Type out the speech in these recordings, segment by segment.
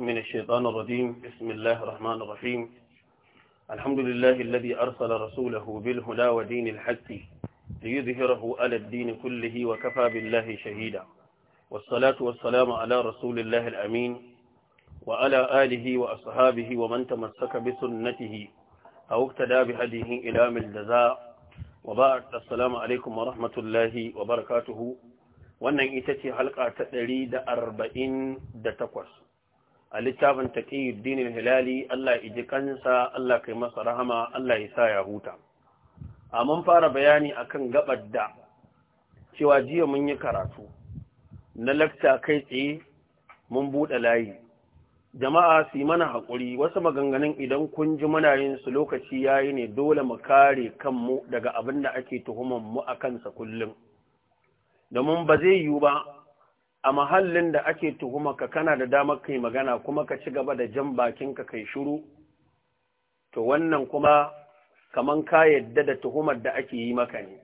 من الشيطان الرجيم بسم الله الرحمن الرحيم الحمد لله الذي أرسل رسوله بالهدى ودين الحق ليظهره على الدين كله وكفى بالله شهيدا والصلاة والسلام على رسول الله الأمين وعلى آله وأصحابه ومن تمسك بسنته أو اقتدى بهديه إلى من الجزاء وبعد السلام عليكم ورحمة الله وبركاته وأن ita حلقة halka أربعين 148 a littafin taqiyuddin hilali Allah ya ji kansa Allah kai masa rahama Allah ya sa ya huta a mun fara bayani akan gabar da cewa jiya mun yi karatu na lakta kai tsaye mun buɗe layi jama'a su yi mana haƙuri wasu maganganun idan kun ji muna yin su lokaci yayi ne dole mu kare kanmu daga abin da ake tuhumar mu a kansa kullum domin ba zai yiwu ba a mahallin da ake ka kana da damar kai magana kuma ka ci gaba da jan bakinka kai shiru to wannan kuma kaman ka yadda da tuhumar da ake yi maka ne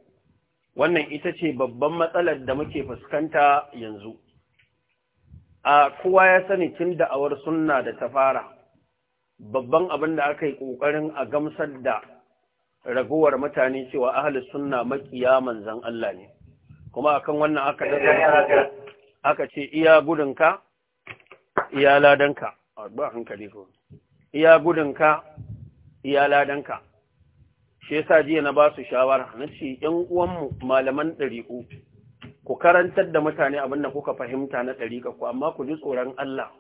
wannan ita ce babban matsalar da muke fuskanta yanzu a kowa ya sani tun da'awar sunna da ta fara babban abin da aka yi ƙoƙarin a gamsar da raguwar mutane cewa ahalus sunna makiya manzan Allah ne kuma akan wannan aka daga aka ce iya gudunka iya ladanka ba hankali ko iya gudunka iya ladanka shi yasa jiya na ba su shawara na ce ‘yan uwanmu malaman ɗariƙu ku karantar da mutane abin da kuka fahimta na ɗariƙa ku amma ku ji tsoron Allah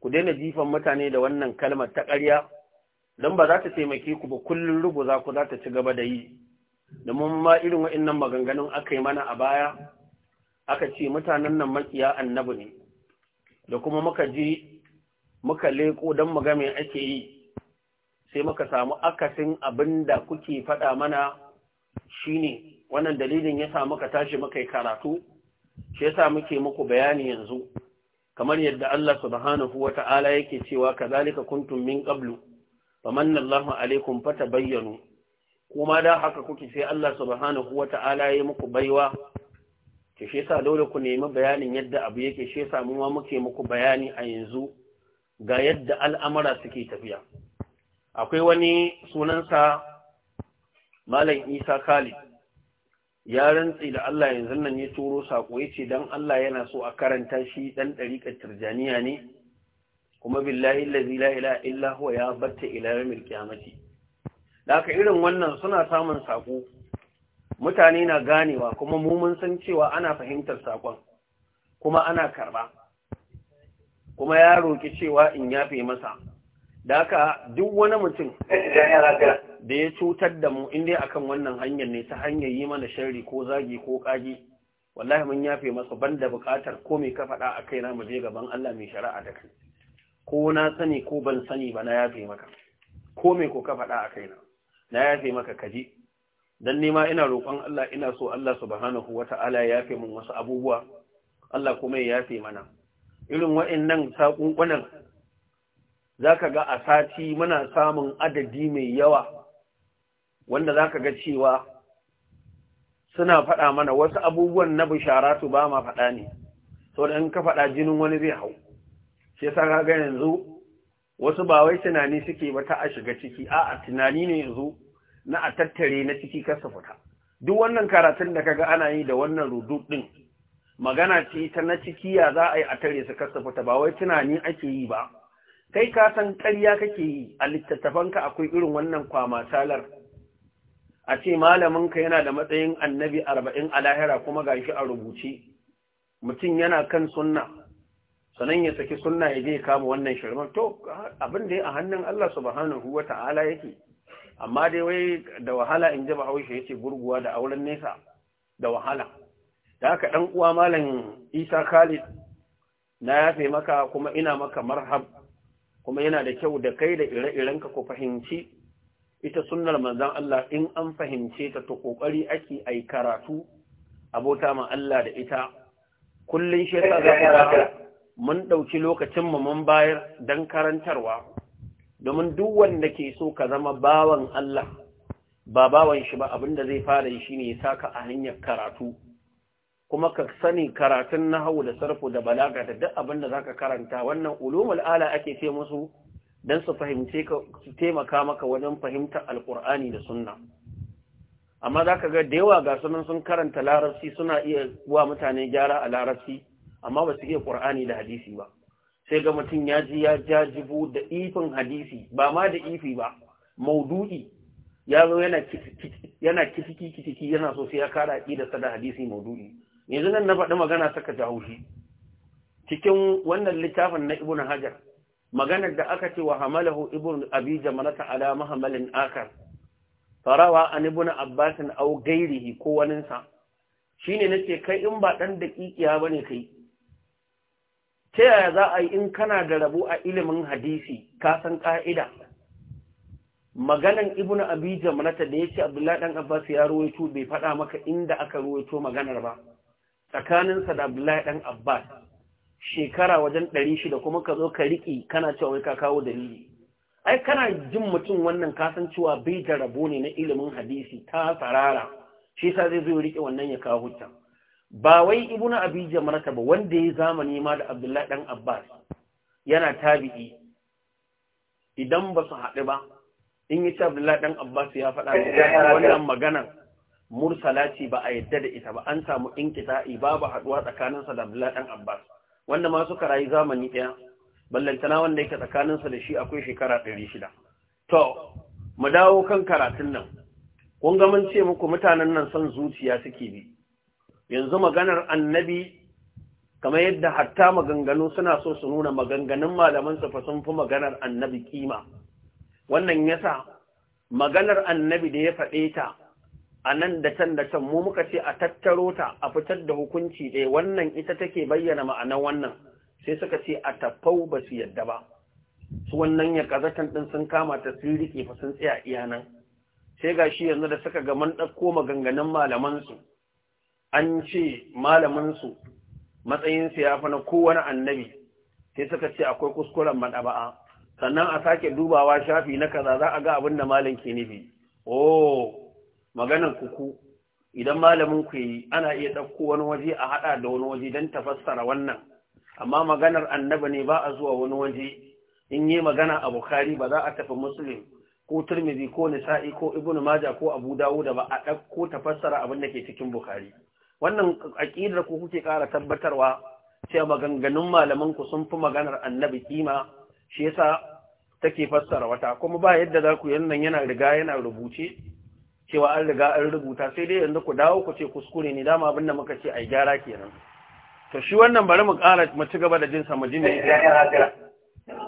ku daina jifan mutane da wannan kalmar ta ƙarya don ba za ta taimake ku ba kullum rubu za ku za ta ci gaba da yi domin ma irin waɗannan maganganun aka yi mana a baya aka ce mutanen nan makiya annabi ne da kuma muka ji muka leko don mu game ake yi sai muka samu akasin abin da kuke faɗa mana shine wannan dalilin ya sa muka tashi muka yi karatu shi yasa muke muku bayani yanzu kamar yadda Allah subhanahu wata'ala yake cewa kazalika kuntum min qablu famanna Allahu alaikum fatabayyanu kuma da haka kuke sai Allah subhanahu wata'ala ya muku baiwa ke shi yasa dole ku nemi bayanin yadda abu yake shi yasa mu ma muke muku bayani a yanzu ga yadda al'amara suke tafiya akwai wani sunansa malam Isa Khalid ya rantsi da Allah yanzu nan ya turo sako yace dan Allah yana so a karanta shi dan dariƙar Tirjaniya ne kuma billahi allazi la ilaha illa huwa ya batta ila yawmil qiyamati da irin wannan suna samun sako mutane na ganewa kuma mu mun san cewa ana fahimtar sakon kuma ana karba kuma ya roki cewa in yafe masa da aka duk wani mutum da ya cutar da mu inda akan wannan hanyar ne ta hanyar yi mana sharri ko zagi ko kagi wallahi mun yafe masa da bukatar ko mai ka faɗa a kaina mu je gaban Allah mai shari'a da kai ko na sani ko ban sani ba na yafe maka ko mai ko ka faɗa a kaina na yafe maka kaji dan nima ina roƙon Allah ina so Allah subhanahu wata'ala ya yafe mun wasu abubuwa Allah kuma ya yafe mana irin wa'annan sakunkunan zaka ga a sati muna samun adadi mai yawa wanda zaka ga cewa suna faɗa mana wasu abubuwan na bisharatu ba ma faɗa ne saboda in ka faɗa jinin wani zai hau shi ka ga yanzu wasu ba wai tunani suke ba ta a shiga ciki a'a tunani ne yanzu na a tattare na ciki kasa fita duk wannan karatun da kaga ana yi da wannan rudu ɗin. magana ce ta na ciki ya za a yi a tare su kasa fita ba wai tunani ake yi ba kai ka san ƙarya kake yi a littattafanka akwai irin wannan kwama salar a ce malaminka yana da matsayin annabi arba'in a lahira kuma ga shi a rubuce mutum yana kan sunna sanan ya saki sunna ya je kama wannan shirman to abin da ya a hannun Allah subhanahu wa ta'ala yake amma dai wai da wahala in ji bahaushe ya ce gurguwa da auren nesa da wahala da haka ɗan uwa malam isa khalid na yafe maka kuma ina maka marhab kuma yana da kyau da kai da ire-irenka ku fahimci ita sunnar manzan Allah in an fahimce ta ta kokari ake ai karatu abota ma Allah da ita Kullum shi ta mun ɗauki lokacin mu mun bayar dan karantarwa domin duk wanda ke so ka zama bawan Allah ba bawan shi ba abinda zai fara shi ne ya saka a hanyar karatu kuma ka sani karatun nahawu da sarfu da balaga da duk abinda zaka karanta wannan ulumul ala ake ce musu dan su fahimce ka su taimaka maka wajen fahimtar alqur'ani da sunna amma zaka ga da yawa ga sunan sun karanta larabci suna iya wa mutane gyara a larabci amma ba su iya ƙur'ani da hadisi ba sai ga mutum ya ji ya jajibo da ifin hadisi ba ma da ifi ba maudu'i ya zo yana kitiki kitiki yana so sai ya kara aqidarsa da hadisi maudu'i yanzu nan na faɗi magana saka jahushi cikin wannan littafin na ibnu hajar maganar da aka ce wa hamalahu ibnu abi jamalata ala mahamalin akar farawa an ibnu abbasin au gairihi ko waninsa shine nace kai in ba dan dakikiya bane kai ta yaya za a yi in kana da rabo a ilimin hadisi ka ƙa'ida maganan ibnu abi jamrata da ce abdullahi dan abbas ya ruwaito bai faɗa maka inda aka ruwaito maganar ba tsakaninsa da abdullahi ɗan abbas shekara wajen ɗari shida kuma ka zo ka riƙe kana cewa wai ka kawo dalili ai kana jin mutum wannan kasan cewa bai da rabo ne na ilimin hadisi ta tsarara shi yasa zai zo riƙe wannan ya kawo hujja ba wai ibuna abi jamrata ba wanda ya zamani ma da abdullahi dan abbas yana tabi'i idan ba su haɗu ba in yi ce abdullahi dan abbas ya faɗa wannan maganar mursala ce ba a yadda da ita ba an samu inkita'i babu haɗuwa tsakaninsa da abdullahi dan abbas wanda ma suka rayu zamani ɗaya ballantana wanda yake tsakaninsa da shi akwai shekara ɗari shida to mu dawo kan karatun nan kun ga mun ce muku mutanen nan son zuciya suke bi yanzu maganar annabi kamar yadda hatta maganganu suna so su nuna maganganun malaman fa sun fi maganar annabi kima wannan yasa maganar annabi da ya faɗe ta a nan da can da can mu muka ce a tattaro ta a fitar da hukunci ɗaya wannan ita take bayyana ma'anar wannan sai suka ce a tafau ba su yadda ba su wannan ya kazatan din sun kama ta sun rike fa sun tsaya iya sai gashi yanzu da suka ga man ɗauko maganganun malamansu an ce malaminsu matsayinsu ya fi na kowane annabi sai suka ce akwai kuskuren maɗaba'a sannan a sake dubawa shafi na kaza za a ga abin da malam ke nufi oh maganar kuku idan malamin ku yi ana iya ɗauko wani waje a haɗa da wani waje don ta wannan amma maganar annabi ne ba a zuwa wani waje in yi magana a Bukhari, ba za a tafi muslim ko turmizi ko nisa'i ko ibnu maja ko abu Dawud ba a ɗauko tafassara fassara abin da ke cikin bukari wannan aƙidar ku kuke ƙara tabbatarwa cewa maganganun malaman ku sun fi maganar annabi kima shi yasa take fassara wata kuma ba yadda za ku yannan yana riga yana rubuce cewa an riga an rubuta sai dai yanzu ku dawo ku ce kuskure ne dama abin da muka ce ai gyara kenan to shi wannan bari mu ƙara mu ci gaba da jin sa mu ji ne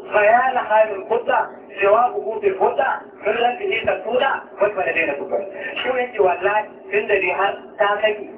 بيان حال الخطة سواء وجود الخطة في التي تكون والبلدين كبار شو انت والله ne har ta kai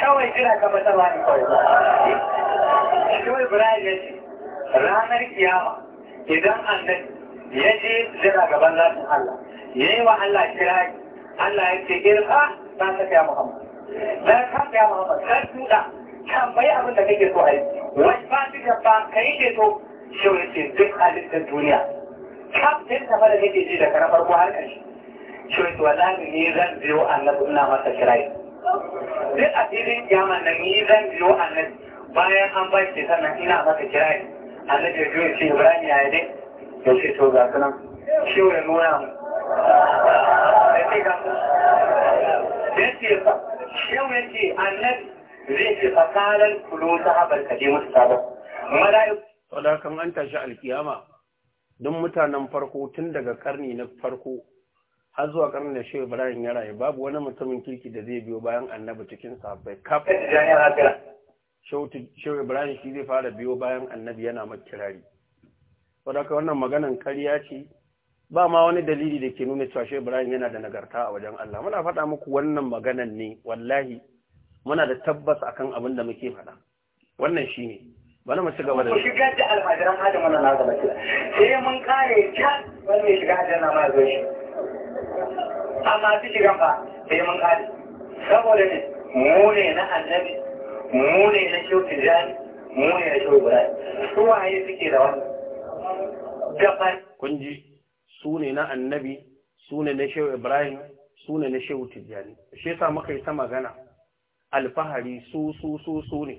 kawai kira ka mata ba ni kawai kawai Ibrahim ya ce ranar kiyama idan annabi ya je jira gaban zatin Allah ya yi wa Allah kira Allah ya ce irfa ah, za tafiya Muhammad Na tafiya Muhammad ta tuda tambayi abin da kake so a yi wani ba su gaba ka yi ceto shi ya ce duk halittar duniya kaf din tafa da kake ji da karamar ko har ƙarshe shi ya ce wallahi ne zan biyo annabi ina masa kirayi duk a filin kiyama nan ni zan biyo annabi bayan an ba shi sannan ina masa kirari annabi ya biyo shi ibrahim ya yi dai ya ce to ga sunan shi ya nuna mu ya ce ga ya ce fa shi ya ce annabi zai ce fakalar kulun sahabar kaje musu sabon Wadakan an tashi alkiyama don mutanen farko tun daga karni na farko har zuwa karnin da shehu ibrahim ya rayu babu wani mutumin kirki da zai biyo bayan annabi cikin sahabbai kafin eh, shehu ibrahim shi zai fara biyo bayan annabi yana makirari saboda wannan maganan karya ce ba ma wani dalili da ke nuna cewa shehu ibrahim yana da nagarta a wajen Allah muna faɗa muku wannan maganan ne wallahi muna da tabbas akan abin da muke faɗa wannan shi ne bana mu ci gaba da shi da almajiran hajji mana na gaba sai eh, mun kare ta wani shiga da na ma zo shi amma bijiran ba sai mun kare saboda ne mu ne na annabi mu ne na shehu tijjani mu ne na shehu ibrahim su waye suke da wannan gaban kun ji su ne na annabi su ne na shehu ibrahim su ne na shehu tijjani shi yasa muka yi ta magana alfahari su su su su ne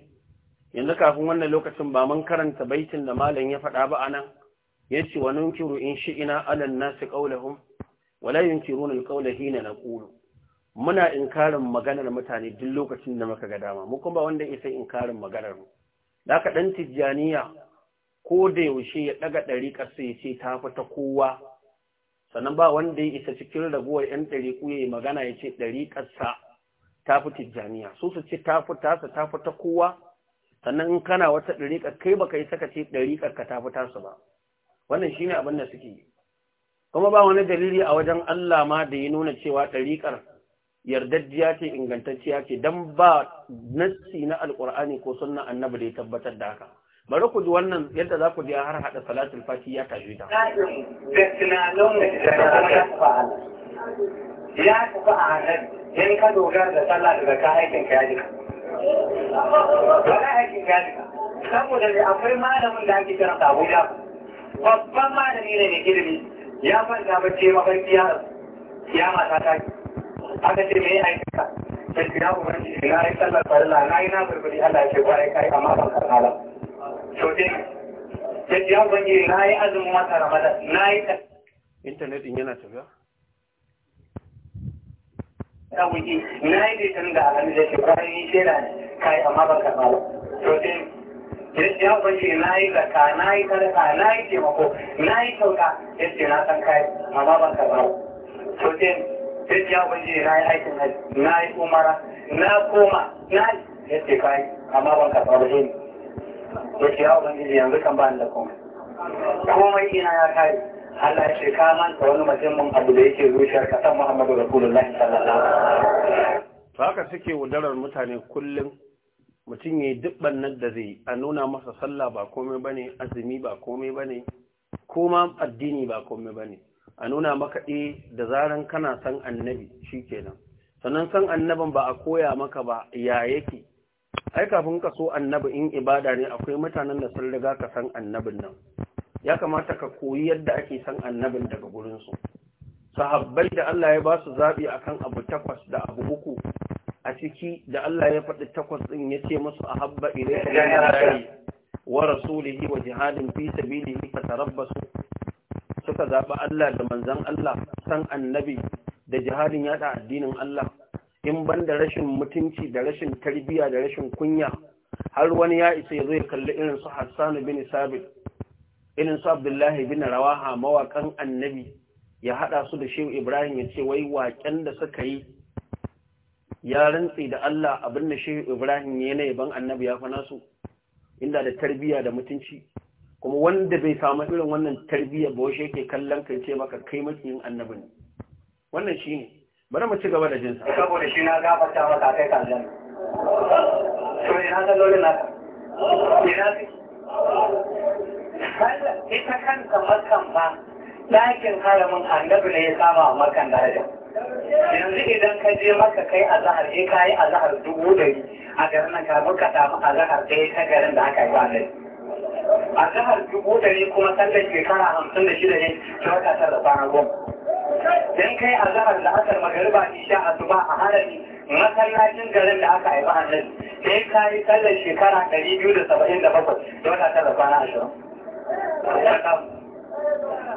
yanzu kafin wannan lokacin ba mun karanta baitin da malam ya faɗa ba anan yace wa nunkiru in shi shi'ina alan nasi qawluhum wala yunkiruna alqawla hina naqulu muna inkarin maganar mutane duk lokacin da muka ga dama mu kuma wanda isa inkarin maganar mu da ka dan tijjaniya ko da yaushe ya daga dariƙar sai ya ce ta fita kowa sannan ba wanda ya isa cikin raguwar yan dariƙu yayi magana ya ce dariƙar sa ta fi tijjaniya so su ce ta fi tasa ta fi ta kowa sannan in kana wata dariƙa kai baka yi saka ce dariƙar ka ta fi tasa ba wannan shine abin da suke yi kuma ba wani dalili a wajen Allah ma da ya nuna cewa ɗariƙar yardajjiya ce ingantacciya ce don ba nassi na alƙur'ani ko sunna annabi da ya tabbatar da haka bari ku ji wannan yadda za ku ji har haɗa salatul fati ya tashi ta ya tafi a hannun in ka dogara da sallah daga ka aikin ka jika wani aikin ka jika saboda akwai malamin da ake kiran abuja babban malami ne mai girmi. ya fanta bacci mafarki ya ya mata ta ki aka ce mai aikata ta shiga ubangiji na yi sallar farilla na yi na burburi Allah ce kwarai kai amma ban karna ba so dai ta shiga ubangiji na yi azumin wata ramadan na yi internet din yana tafiya ta wuki na yi da tun da alhamdulillah shi kwarai ni shaida ne kai amma ban karna ba so dai yace ya bace na yi zaka na yi sadaka na yi taimako na yi kyauta yace na san kai amma ban ka zau to sai yace ya bace na yi aikin haji na yi umara na koma na yace kai amma ban ka zau ne yace ya ubangiji yanzu kan ba ni da komai komai ina ya kai Allah ya ce ka manta wani mutumin abu da yake zuciyar ka san Muhammadu Rasulullahi sallallahu alaihi wasallam to haka take wundarar mutane kullum mutum ya yi duk nan da zai a nuna masa sallah ba komai ba ne azumi ba komai ba ne koma addini ba komai ba ne a nuna maka ɗi eh, da zaran kana san annabi shi kenan sannan san annabin ba a koya maka ba ya yake ai kafin ka so annabi in ibada ne akwai mutanen da sun riga ka san annabin nan ya kamata ka koyi yadda ake san annabin daga gurinsu sahabbai da Allah ya ba su zaɓi akan abu takwas da abu uku a ciki da Allah ya faɗi takwas ɗin ya ce masu a habba ilayi wa rasulihi wa jihadin fi sabilihi fatarabbasu suka zaɓi Allah da manzan Allah san annabi da jihadin yaɗa addinin Allah in ban da rashin mutunci da rashin tarbiyya da rashin kunya har wani ya isa ya zo ya kalli irin su Hassan bin Sabit irin su Abdullahi bin Rawaha mawakan annabi ya haɗa su da Shehu Ibrahim ya ce wai waƙen da suka yi ya rantse da Allah abin da shehu Ibrahim ya na yaban annabi ya fana su inda da tarbiyya da mutunci kuma wanda bai samu irin wannan tarbiyya ba washe yake kallon kai ce maka kai makiyin annabi ne wannan shi ne, bari mu ci gaba da jinsa saboda shi na gafarta maka kai ka janna to ina da lolin naka ina ita kanta makan ba ɗakin haramin annabi ne ya saba makan daraja yanzu idan ka je maka kai a zahar eh ka yi a zahar dubu dari a garin nan kafin ka samu a zahar ɗaya ta garin da aka yi ba dai a zahar dubu dari kuma sallar shekara hamsin da shida ne ta wata sarrafa na goma dan kai a zahar da asar magariba isha asuba a harami masallacin garin da aka yi annabi sai ka yi sallar shekara ɗari biyu da saba'in da bakwai da wata sarrafa na ashirin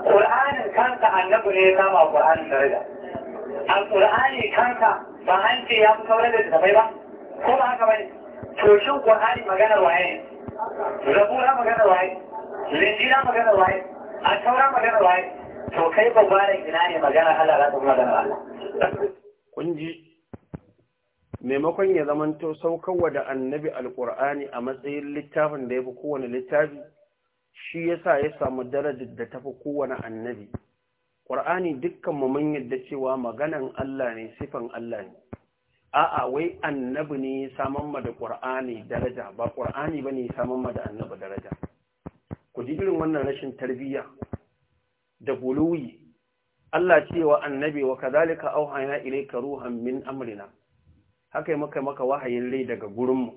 Ƙur'anin kansa annabi ne ya kama Ƙur'anin daraja. alƙur'ani kanka ba an ce ya fi sauran da tafai ba ko ba haka ba ne to shin ƙur'ani maganar waye ne zabura maganar waye linjira maganar waye a taura maganar waye to kai ba gwara ina ne maganar Allah za ta maganar Allah kun ji maimakon ya zamanto saukarwa da annabi alkur'ani a matsayin littafin da ya fi kowane littafi shi yasa ya samu darajar da ta fi kowane annabi ƙur'ani dukkan mu mun yadda cewa maganan Allah ne sifan Allah ne a'a wai annabi ne saman ma da ƙur'ani daraja ba ƙur'ani bane saman ma da annabi daraja ku ji irin wannan rashin tarbiyya da guluwi Allah cewa annabi wa kadhalika auhayna ilayka ruhan min amrina haka maka maka wahayin rai daga gurinmu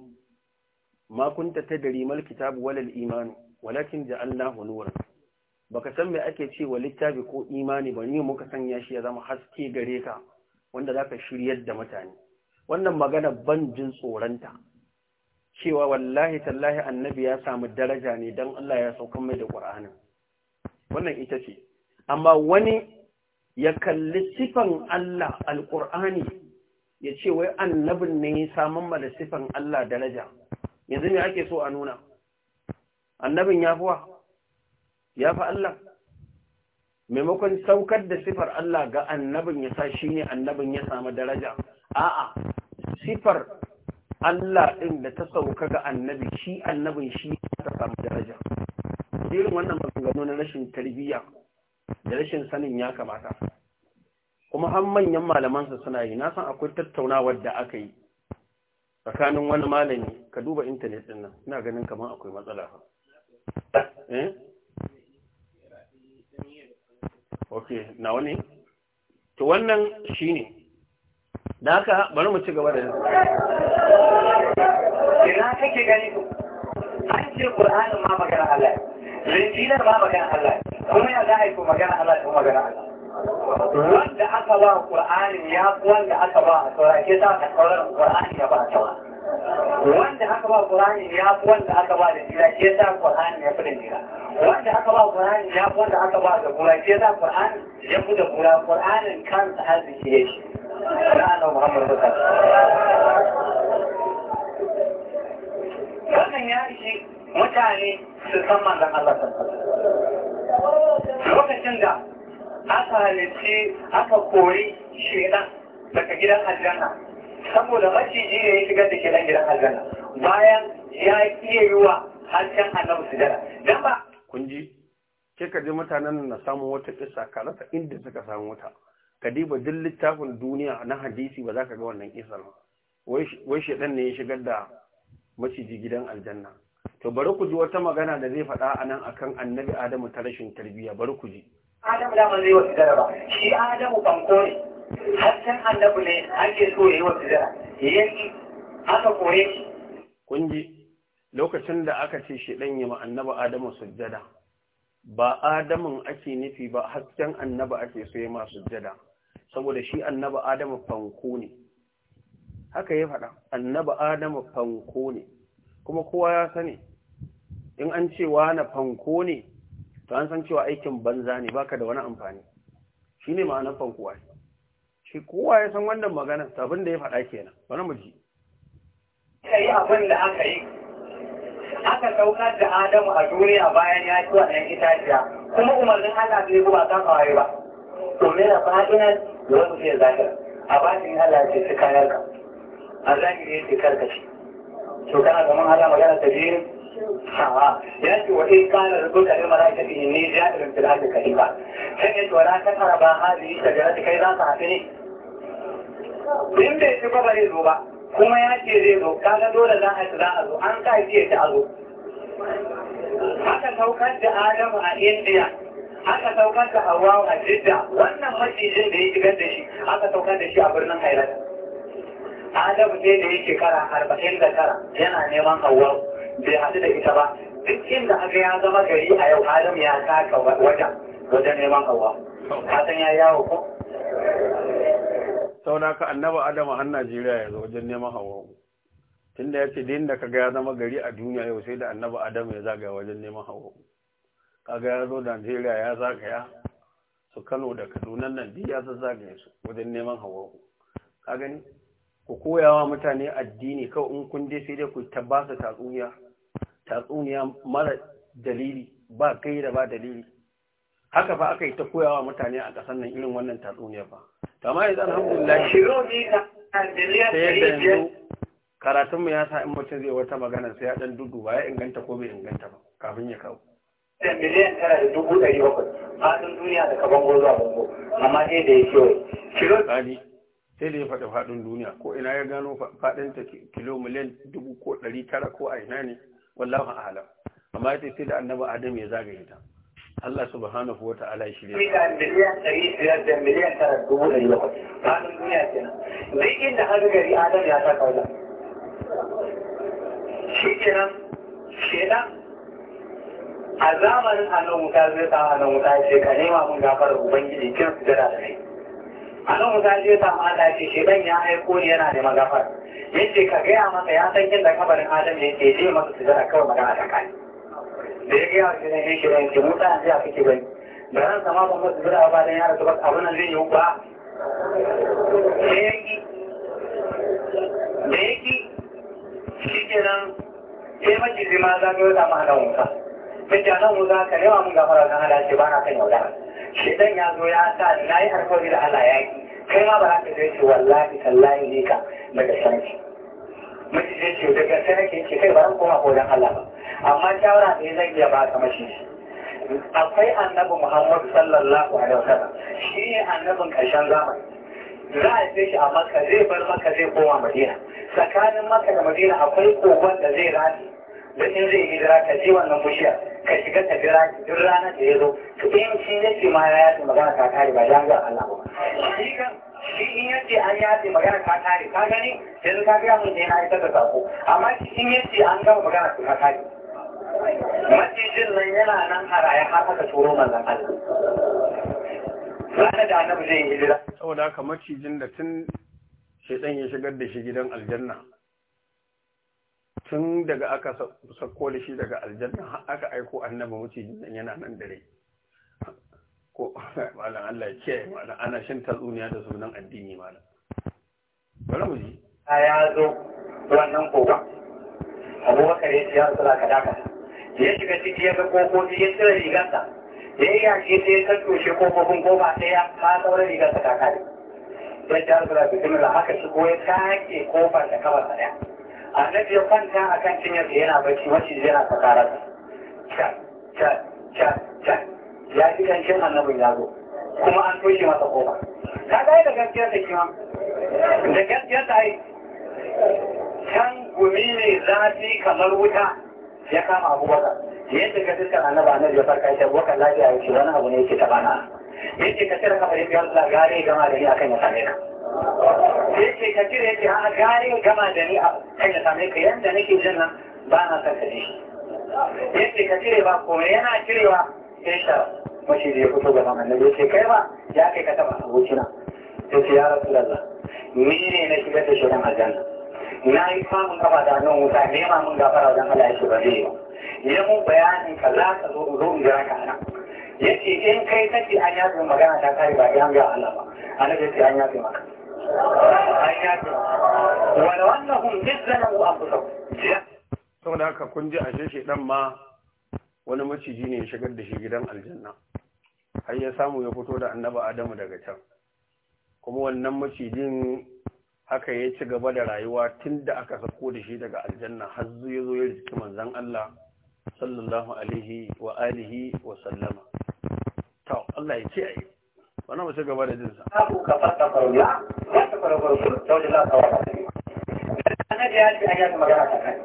ma kunta tadri mal kitabu walal iman walakin ja'alnahu nuran baka san me ake ce wa littafi ko imani ba ne muka sanya shi ya zama haske gare ka wanda za ka shiryar da mutane wannan magana ban jin tsoronta cewa wallahi tallahi annabi ya samu daraja ne dan Allah ya saukan mai da Qur'anin wannan ita ce amma wani ya kalli sifan Allah Alƙur'ani ya ce wai annabin ne ya samun da sifan Allah daraja yanzu me ake so a nuna annabin ya wa? ya fi Allah maimakon saukar da sifar Allah ga annabin ya sa shi ne annabin ya samu daraja a'a sifar Allah ɗin da ta sauka ga annabi shi annabin shi ta samu daraja irin wannan maganganu na rashin tarbiyya da rashin sanin ya kamata kuma har manyan malamansa suna yi na san akwai tattaunawar da aka yi tsakanin wani malami ka duba intanet ɗin nan ina ganin kamar akwai matsala eh ok na wani. to wannan shine da haka bari mu ci gaba da yanzu. ina kake gani an ce qur'anin ma magana Allah rinjilar ma magana Allah kuma ya za'a ko magana Allah ko magana Allah wanda aka ba qur'anin ya wanda aka ba a saurake ta ka sauran qur'ani ya ba ta wanda aka ba Qur'ani ya fi wanda aka ba da jira shi yasa Qur'ani ya fi da jira wanda aka ba Qur'ani ya fi wanda aka ba da gura shi yasa Qur'ani ya fi da gura Qur'anin kansa arziki ya shi Allah Muhammad sallallahu alaihi wannan ya ishi mutane su san manzon Allah sallallahu lokacin da aka halitti aka kori shedan daga gidan aljanna saboda maciji ne ya shigar da ke nan gidan aljanna bayan ya iya yi wa harshen annabu sujada dan ba kun ji ke ka ji mutanen na samu wata kissa ka rasa inda suka samu wata ka diba duk littafin duniya na hadisi ba za ka ga wannan kissar ba wai shedan ne ya shigar da maciji gidan aljanna to bari ku ji wata magana da zai faɗa a nan akan annabi adamu ta rashin tarbiyya bari ku ji adamu da zai wasu ba shi adamu fanko hasken ne ake so ya yi wa yayi aka kore shi kun lokacin da aka ce shi dan ma annabi Adamu sujjada ba Adamun ake nufi ba hasken annabi ake so ya masu sujada saboda shi annabi Adamu fanko ne haka ya faɗa annabi Adamu fanko ne kuma kowa ya sani in an ce na fanko ne to an san cewa aikin banza ne baka da wani amfani shi ne ma'anar fanko ne. shi kowa ya san wannan magana abin da ya faɗa kenan bari mu ji aka yi abin da aka yi aka saukar da Adamu a duniya bayan ya ci wannan itaciya kuma umarnin Allah bai zuba ta kawai ba to me na fa'inan da wasu ke zahira a bakin Allah ce su kayar ka Allah ne ya ce karkashi to kana zaman Allah magana ta biyu sawa ya ce wa in kana rubuta ne malaika fi inni ja'irin fil ardi khalifa sai ya ce wala ta taraba hadi kai za ka hafi ne in bai ci ba bare zo ba kuma ya ce zai zo kaga dole za a za a zo an ka ce ta zo haka saukar da Adamu a Indiya aka saukar da Hawwa a Jidda wannan macijin da ya shigar da shi aka saukar da shi a birnin Hairat Adamu sai da ya shekara arba'in da tara yana neman Hawwa bai haɗu da ita ba duk inda aka ya zama gari a yau adam ya taka waje wajen neman awa ka san ya yawo ko Sau ka annaba adama har najeriya ya zo wajen neman hawa tunda ya ce din da ka ya zama gari a duniya yau sai da annaba adama ya zagaya wajen neman hawa Ka ya zo najeriya ya zagaya su kano da kaduna nan biyu ya zazzagaya su wajen neman hawa ka gani ku koyawa mutane addini kawai in kun je sai dai ku tabbasa tatsuniya tatsuniya mara dalili ba kai da ba dalili haka ba aka yi ta koyawa mutane a ƙasar nan irin wannan tatsuniya ba kama yanzu alhamdulillah ta yadda yanzu karatunmu ya sa in mutum zai wata magana sai ya dan dudu ba ya inganta ko bai inganta ba kafin ya kawo eh, miliyan tara da dubu ɗari bakwai faɗin duniya daga bango zuwa bango amma dai da ya kewaye sai da ya faɗi faɗin duniya ko ina ya gano faɗin ta kilo miliyan dubu ko ɗari tara ko a ina ne wallahu a'lam amma yace sai da annabi adam ya zagaye ta Allah subhanahu wa ta'ala ya shirya. Sai da miliyan ɗari biyar da miliyan tara dubu ɗari bakwai. Ranar duniya kenan. Duk inda har gari Adam ya sa kaula. Shi kenan, kenan a zamanin annan wuta zai sa annan wuta ya ce ka nema mun gafar Ubangiji kin su jira da kai. Annan wuta zai sa ma Allah ya ce shedan ya aiko ne yana neman gafara. yace ka gaya masa ya san da kabarin adam yake je masa sujada kawai magana da kai da ya gaya wa shirin ne shi ke mutane muta an ya kike gani da ran sama ban masu sujada ba don yara rasu ba abun nan zai yi ba da ya ki shi ya yi mace zima za ka yi wata ma wuta ta ke nan wuta ka nema mun gafara kan hada shi ba na kan yaudara shi dan ya zo ya sa na yi alkawari da Allah yi. kai ma ba haka zai ce wallahi tallahi ne ka daga sanki mace zai ce daga sanki ce kai ba ran koma dan Allah ba amma shawara ne zan iya ba ka shi. akwai annabi Muhammad sallallahu alaihi wasallam shi ne annabin karshen zamani za a ce shi a Makka zai bar Makka zai koma Madina tsakanin Makka da Madina akwai kogon da zai rani don in zai hijira ka ji wannan bishiyar ka shiga ta jira duk ranar da ya zo to in shi ke ma ya yi magana ta kare ba ya ga Allah ba shi kan shi in yace an yace magana ta kare ka gani yanzu ka ga mun ne na ita ta sako amma shi in yace an gama magana ta kare macijin nan yana nan haraya har aka turo manzon Allah Rana da annabi zai hijira saboda haka macijin da tun shedan ya shigar da shi gidan aljanna tun daga aka sako da shi daga aljanna aka aiko annabi nan yana nan dare ko malam Allah ya ce, malam ana shin tatsuniya da sunan addini malam bari mu ji ya zo wannan abu abubakar ya ya tsara ka daka ya shiga ciki ya ga kokoki ya tsira rigarsa ya yi yaki sai ya san toshe kofofin ba sai ya ka saura rigarsa kaka ne ya ji har sala bisimila haka ko ya sake kofar da kabar sa daya annabi ya kwanta a kan da yana bacci maciji yana fakara can can can can ya ji kanshin annabin ya zo kuma an toshe masa kofa Ta kai da gaskiyar da kima da gaskiyar da yi can gumi ne zafi kamar wuta ya kama abubakar yadda ka fuskar annaba annabi ya farka ya kan lafiya ya ce wani abu ne yake taɓa na yake ka cire kamar yadda yalla gare gama da ni akan ya same ka yake ka cire yake hana gare gama da ni a kan ya same ka yadda nake jin nan ba na son ka ji shi yace ka cire ba komai yana cirewa sai shara mace da ya fito gaban annabi yace kai ba ya kai ka taba abokina yace ya rasu rasulullah ni ne na shigar da shirin aljanna na yi samun kafa da nan wuta nema mun gafara wajen Allah ya ce ba zai ba mun bayanin ka za ka zo zo in jira ka a nan Ya ce in kai kace an yafe magana ta kare ba ya ga Allah ba annabi ce an yafe maka saboda haka kun ji ashe ma wani maciji ne ya shigar da shi gidan aljanna har ya samu ya fito da annaba adamu daga can kuma wannan macijin haka ya ci gaba da rayuwa tun da aka sako da shi daga aljanna har ya zo ya riki manzan Allah sallallahu alaihi wa alihi wa sallama ta Allah ya ce a yi. Wannan ba mace gaba da jinsa abu ka fata faruwa ya ta faruwa ta wajen lasawa ta ne na da ya ce an yasa magana ta kai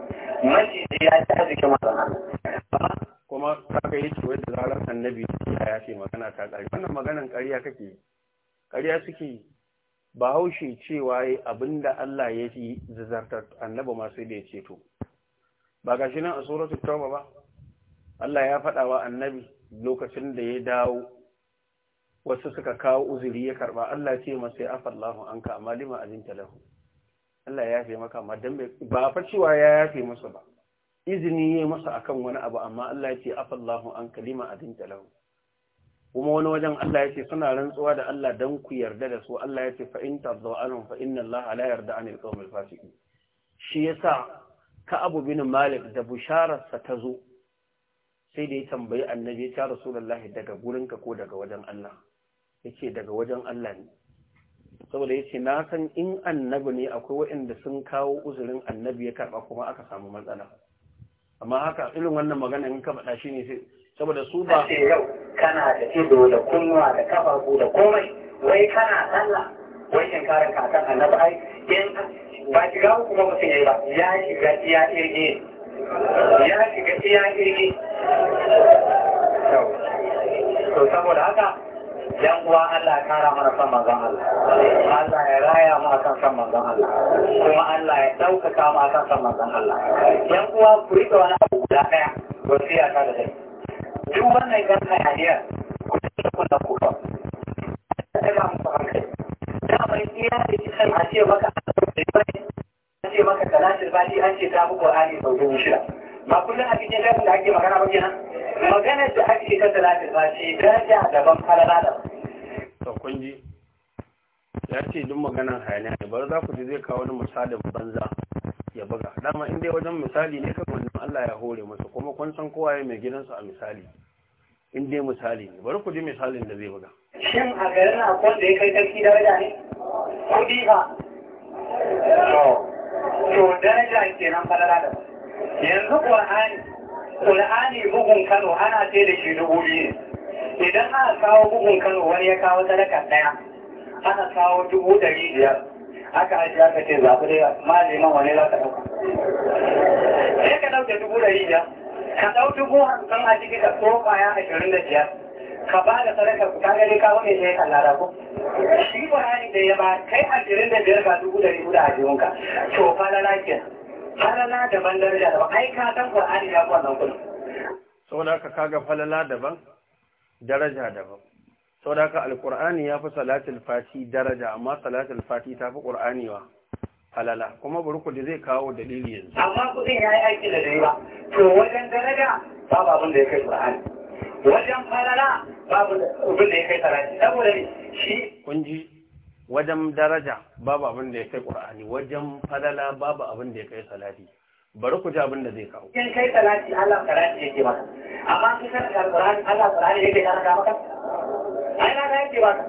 mace ya ce arzikin masu kuma ka yi ce da zarar annabi ya ce magana ta ƙari wannan maganan ƙarya kake ƙarya suke bahaushe cewa yi abinda Allah ya yi zazartar, annaba masu da ya ceto ba ga shi nan a suratul tauba ba Allah ya faɗa wa annabi lokacin da ya dawo wasu suka kawo uzuri ya karba Allah ce masa ya afa anka amma lima azinta lahu Allah ya yafe maka amma dan ba fa cewa ya yafe masa ba izini ya masa akan wani abu amma Allah ya ce afa Allahu anka lima azinta lahu kuma wani wajen Allah ya ce suna rantsuwa da Allah dan ku yarda da su Allah ya ce fa in tarzu anhum fa inna Allah la yarda anil qawmil fasiqin shi yasa ka Abu bin Malik da bushararsa ta zo sai da ya tambayi annabi ya ce Rasulullahi daga gurinka ko daga wajen Allah yace daga wajen Allah ne saboda yace na san in annabi ne akwai waɗanda sun kawo uzurin annabi ya karba kuma aka samu matsala amma haka irin wannan magana in ka faɗa ne sai saboda su ba yau kana da ido da kunnuwa da kafafu da komai wai kana sallah wai in karin kan annabi ai in ba shiga kuma mutum yayi ba ya shiga iya irge ya shiga iya irge to saboda haka yan uwa Allah ya kara mana san manzon Allah Allah ya raya mu akan san manzon Allah kuma Allah ya ɗaukaka mu akan san manzon Allah yan uwa ku rika wani abu guda ɗaya wasiya ta da dai duk wannan kan hayaniyar ku ci ku kuka sai ba mu hankali dama iya da kisan a ce maka a ce maka talatin bali an ce ta bi Ali sau dubu shida ba kullum a cikin da ake magana ba kenan maganar da ake ta talatin ba ce daraja daban falala da to kun ji ya ce duk maganar hayaniya ne bari za ku ji zai kawo wani misalin banza ya buga dama inda ya wajen misali ne kan wannan Allah ya hore masa kuma kun san kowa ya mai gidansa a misali in dai misali ne bari ku ji misalin da zai buga shin a garin akwai da ya kai tafi daraja ne kudi ba to daraja ke nan falala da yanzu qur'ani ƙul'ani bugun kano ana ce da shi dubu biyu ne idan aka kawo bugun kano wani ya kawo sadaka ɗaya ana kawo dubu ɗari biyar aka haji aka ce zaɓi da maliman wani za ka ɗauka sai ka ɗauke dubu ɗari biyar ka ɗau dubu hamsin a ciki ka so ƙwaya ashirin da biyar ka ba da sadaka ka gani kawo ne sai ka lara ko shi ƙwararri da ya ba kai ashirin da biyar ka dubu ɗari hudu a jiwonka to fa lalakin falala daban daraja daban ai ka san qur'ani ya kuwa nan kullum saboda ka kaga falala daban daraja daban saboda ka alqur'ani ya fi salatul fati daraja amma salatul fati ta fi qur'ani wa falala kuma burkudi zai kawo dalili yanzu amma kudin yayi aiki da dai to wajen daraja ba babun da ya kai qur'ani wajen falala babu abin da ya kai salati saboda shi kun ji wajen daraja babu abin da ya kai ƙur'ani wajen falala babu abin da ya kai salati bari ku ji abin da zai kawo in kai salati Allah salati yake maka amma kin san alqur'ani Allah alqur'ani yake karanta maka ai na yake maka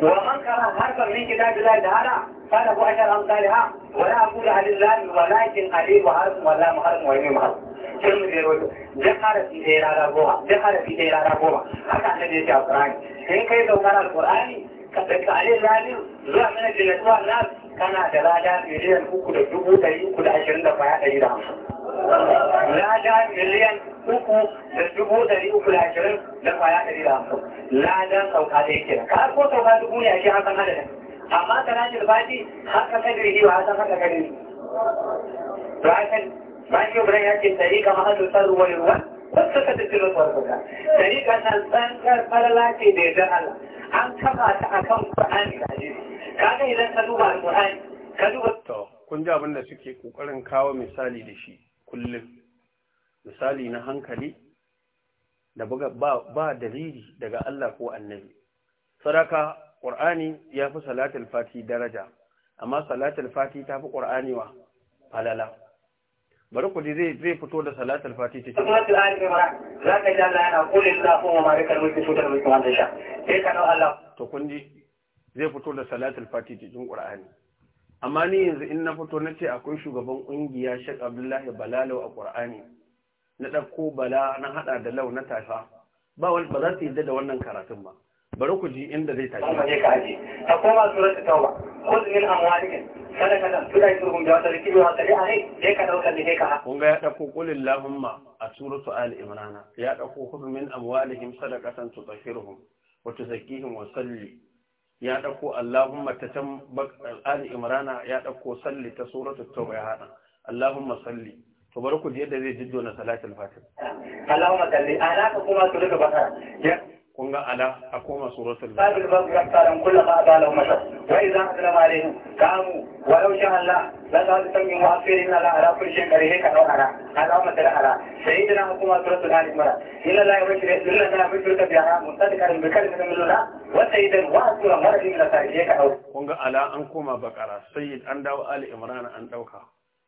to man kama harkar min kitabillahi ta'ala kana bu ashar amsalha wa ba aqulu alillahi walakin ba har wa la muharf wa mim harf kin da wato da harafi da rara goma da harafi da rara goma haka annabi ya ce a alqur'ani in kai al alqur'ani ka tsakani ranar zuwa mana da zuwa na kana da lada miliyan uku da dubu ɗari uku da ashirin da baya ɗari da hamsin. Lada miliyan uku da dubu ɗari uku da ashirin da baya ɗari da hamsin. Lada sauka ɗaya kenan. Ka ko sauka dubu ne a shi hakan adadin. Amma kana jirbaji haka kadiri ba haka haka kadiri. Rakan, Bashi Ibrahim ya ce, "Tari kama hannun sarruwa ruwan?" wanda ka tafi da farfata dariƙa nan tsantsar farla ce da yadda Allah an kama ta a kan Qur'ani da hadisi kaga idan ka duba Qur'ani ka duba to kun ji abin da suke kokarin kawo misali da shi kullum misali na hankali da buga ba ba dalili daga Allah ko annabi sadaka Qur'ani ya fi salatul fati daraja amma salatul fati ta fi Qur'ani wa falala bari ku zai zai fito da salatul fati cikin salatul fati za ka ji Allah yana kulin lafu wa barikal mulki da mulki wanda sha sai ka nau Allah to kun ji zai fito da salatul fati cikin Qur'ani amma ni yanzu in na fito na ce akwai shugaban kungiya Sheikh Abdullahi Balalo a Qur'ani na dauko bala na hada da lau na tafa ba wani ba za su yadda da wannan karatun ba bari ku ji inda zai tafi ka je ka koma suratul tauba khudh min amwalikum kada ka tafi da su gumja wata rikici wata ya ne sai ka dauka ne ka ha kun ga ya dauko qul illahumma a suratu ali imran ya dauko khudh min amwalihim sadaqatan tutahhiruhum wa tuzakkihim wa salli ya dauko allahumma ta can ali imran ya dauko salli ta suratu tauba ya hada allahumma salli to bari ku je da zai jiddo na salatul fatih allahumma salli alaka kuma su daga baka kun ga ala a koma suratul baqara babu kafaran kullu ma qala umma wa idza aslama alaihim qamu wa law sha Allah la ta'ala tamin wa afirin ala ala kulli shay karihi kana ala ala ma tara ala sayyidina hukuma suratul ali imran illa la yashri illa la yashri bi ara mustadikan bi kalimatin min Allah wa sayyidan wa asura mara min al-tarikh kana kun ga ala an koma baqara sayyid an dawo ali imran an dauka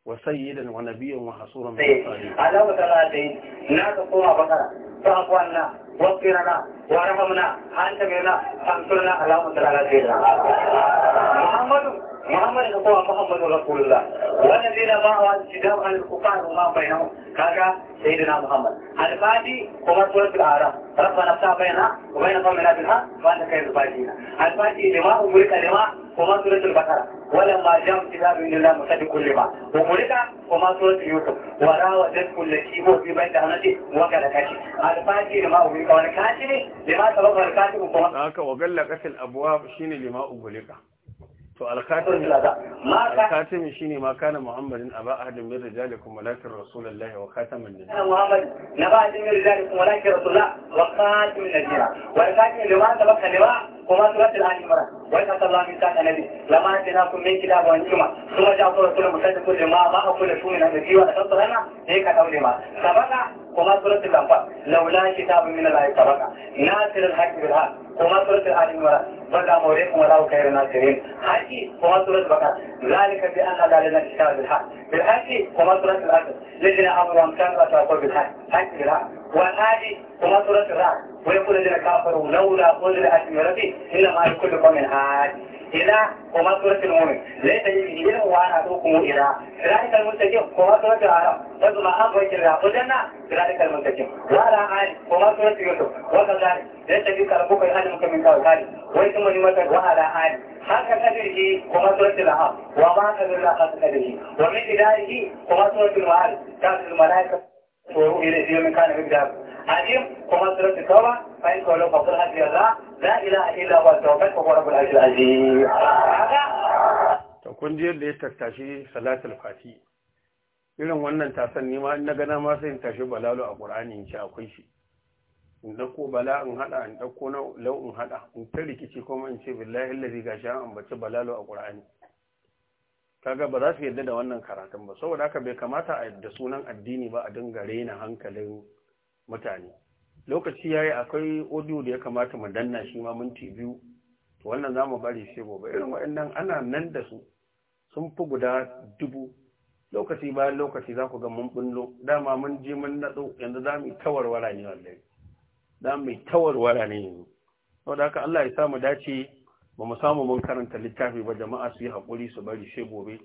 وسيدا ونبيا وحصورا من طيب. الصالحين على وتراتين لا تقوم بقرة فأقوانا وقرنا ورحمنا أنت بنا فانصرنا على وتراتين محمد محمد هو محمد رسول الله والذين معه الجدام على الكفار وما بينهم كاكا سيدنا محمد الفاتي هو سورة الأعراف ربنا افتح بيننا وبين قومنا بالحق وأنت خير الفاتحين الفاتي لما أمرك لما هو سورة البقرة ولما جام كتاب من الله مصدق لما ومرتا وما صورت يوسف وراء كل شيء هو في بيت هنالك وقال كاشي فاتي لما أبليك وانا كاشي لما تبقى الكاتي وقال هاك وقال لك في الأبواب شيني لما أبليك فالخاتم الخاتم شيني ما كان محمد أبا أحد من رجالكم ولكن رسول الله وخاتم النبي محمد نبا أحد من رجالكم ولكن رسول الله وخاتم النبي والخاتم لما تبقى لما kuma surat al-imran wa inna allaha min ta'ala nabi lama hadina kum min kitab wa nima kuma ja Allah kullu mutajjid kullu ma ba ku da kullu nabi wa tantarana ne ka daure ma sabana kuma surat al-anfa laula kitab min al-ayat sabaka nasir al-haq bil haq kuma surat al-imran wa da mawre kuma lahu khairun nasirin haqi kuma surat baka zalika bi anna dalana kitab bil haq bil haqi kuma surat al-asr lijna amru amkan wa bil haq haqi bil haq wa hadi kuma surat al ويقول الذين كافروا لولا أنزلت سورتي إلى ما لكل من هاد إلى وما سورة المؤمن ليس يجي إلى وأنا أدعوكم إلى ذلك المنتجم وما سورة العرب ما وثم أخرج الرافضنا ذلك المنتجم وعلى آل وما سورة يوسف وكذلك ليس يجيبك ربك يعلمك من كوكب ويتم لمثل وعلى آل هكذا قدره وما سورة العرب وما قدر الله حق قدره ومن ذلك وما سورة الوعد كانت الملائكة توروا إلى من كان في مقداره حليم ومن سلوك التوبة فإن كل فقد أجل الله لا إله إلا هو التوفيق وهو رب العرش العزيز to kun ji yadda ya tattashe salatul fati irin wannan tasan ni ma na gana ma sai in tashi balalu a qur'ani in ci akwai shi in dauko bala in hada in dauko na lau in hada in ta rikici kuma in ce billahi allazi gashi an ambaci balalu a qur'ani kaga ba za su yadda da wannan karatun ba saboda haka bai kamata a yadda sunan addini ba a dinga rena hankalin mutane lokaci yayi akwai audio da ya kamata mu danna shi ma minti biyu to wannan zamu bari sai gobe irin waɗannan ana nan da su sun fi guda dubu lokaci bayan lokaci za ku ga mun bullo dama mun je mun natsu yanzu za mu yi tawarwara ne wallahi za mu yi tawarwara ne yanzu saboda haka Allah ya sa mu dace ba mu samu mun karanta littafi ba jama'a su yi haƙuri su bari sai gobe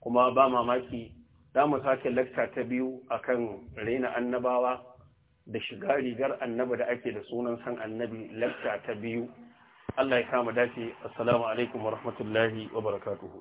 kuma ba mamaki za mu sake lakta ta biyu akan raina annabawa da shiga rigar annabi da ake da sunan san annabi lakta ta biyu Allah ya kama dace assalamu alaikum wa rahmatullahi wa barakatuhu